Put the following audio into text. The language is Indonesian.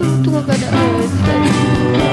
untung gak ada obat